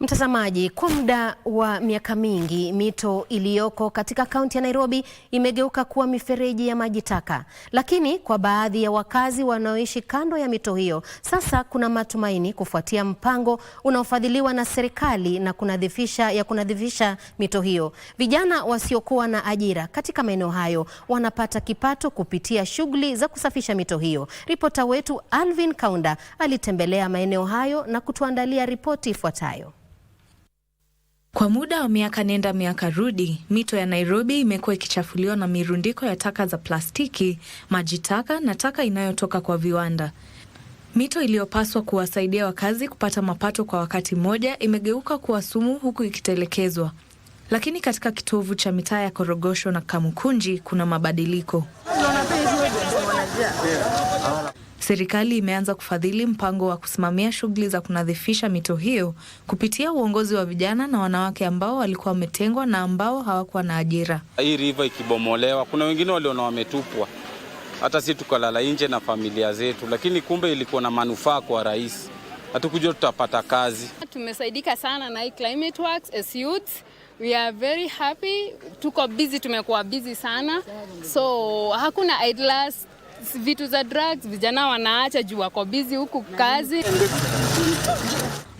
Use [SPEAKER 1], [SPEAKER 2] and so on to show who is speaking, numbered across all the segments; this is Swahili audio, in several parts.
[SPEAKER 1] Mtazamaji, kwa muda wa miaka mingi mito iliyoko katika kaunti ya Nairobi imegeuka kuwa mifereji ya maji taka, lakini kwa baadhi ya wakazi wanaoishi kando ya mito hiyo sasa kuna matumaini kufuatia mpango unaofadhiliwa na serikali na kunadhifisha ya kunadhifisha mito hiyo. Vijana wasiokuwa na ajira katika maeneo hayo wanapata kipato kupitia shughuli za kusafisha mito hiyo. Ripota wetu Alvin Kaunda alitembelea maeneo hayo na kutuandalia ripoti ifuatayo.
[SPEAKER 2] Kwa muda wa miaka nenda miaka rudi, mito ya Nairobi imekuwa ikichafuliwa na mirundiko ya taka za plastiki, maji taka na taka inayotoka kwa viwanda. Mito iliyopaswa kuwasaidia wakazi kupata mapato kwa wakati mmoja imegeuka kuwa sumu huku ikitelekezwa. Lakini katika kitovu cha mitaa ya Korogosho na Kamukunji kuna mabadiliko serikali imeanza kufadhili mpango wa kusimamia shughuli za kunadhifisha mito hiyo kupitia uongozi wa vijana na wanawake ambao walikuwa wametengwa na ambao hawakuwa na ajira.
[SPEAKER 3] Hii riva ikibomolewa, kuna wengine waliona wametupwa, hata si tukalala nje na familia zetu, lakini kumbe ilikuwa na manufaa kwa rais. Hatukujua tutapata kazi.
[SPEAKER 4] Tumesaidika sana na hii climate works as youth. We are very happy. Tuko busy, tumekuwa busy sana, so hakuna idlers vitu za drugs, vijana wanaacha juu wako busy huku kazi.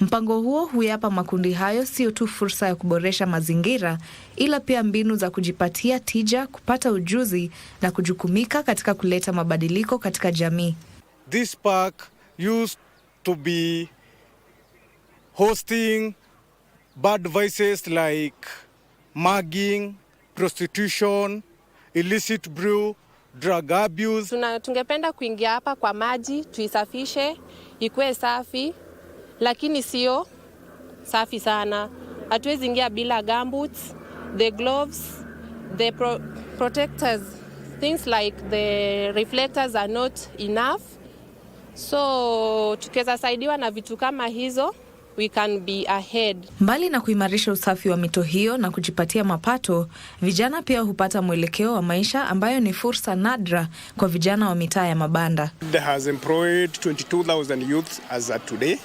[SPEAKER 2] Mpango huo huyapa makundi hayo sio tu fursa ya kuboresha mazingira, ila pia mbinu za kujipatia tija, kupata ujuzi na kujukumika katika kuleta mabadiliko katika jamii.
[SPEAKER 5] This park used to be hosting bad vices like mugging, prostitution, illicit brew drug abuse.
[SPEAKER 4] Tuna, tungependa kuingia hapa kwa maji tuisafishe ikuwe safi, lakini sio safi sana. Hatuwezi ingia bila gumboots, the gloves, the pro protectors, things like the reflectors are not enough, so tukiweza saidiwa na vitu kama hizo we can be ahead.
[SPEAKER 2] Mbali na kuimarisha usafi wa mito hiyo na kujipatia mapato, vijana pia hupata mwelekeo wa maisha ambayo ni fursa nadra kwa vijana wa mitaa ya mabanda.
[SPEAKER 6] Has employed 22,000 youth as today.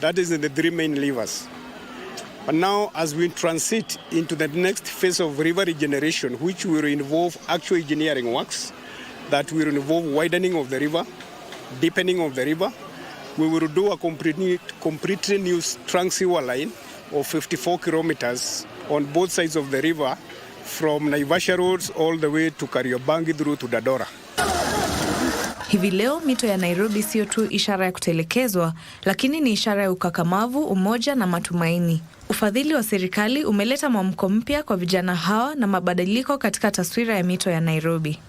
[SPEAKER 6] That is the three main levers. But now as we transit into the next phase of river regeneration which will involve actual engineering works that will involve widening of the river, deepening of the river we will do a completely, new trunk sewer line of 54 kilometers on both sides of the river from Naivasha roads all the way to Kariobangi through to Dadora.
[SPEAKER 2] Hivi leo mito ya Nairobi sio tu ishara ya kutelekezwa, lakini ni ishara ya ukakamavu, umoja na matumaini. Ufadhili wa serikali umeleta mwamko mpya kwa vijana hawa na mabadiliko katika taswira ya mito ya Nairobi.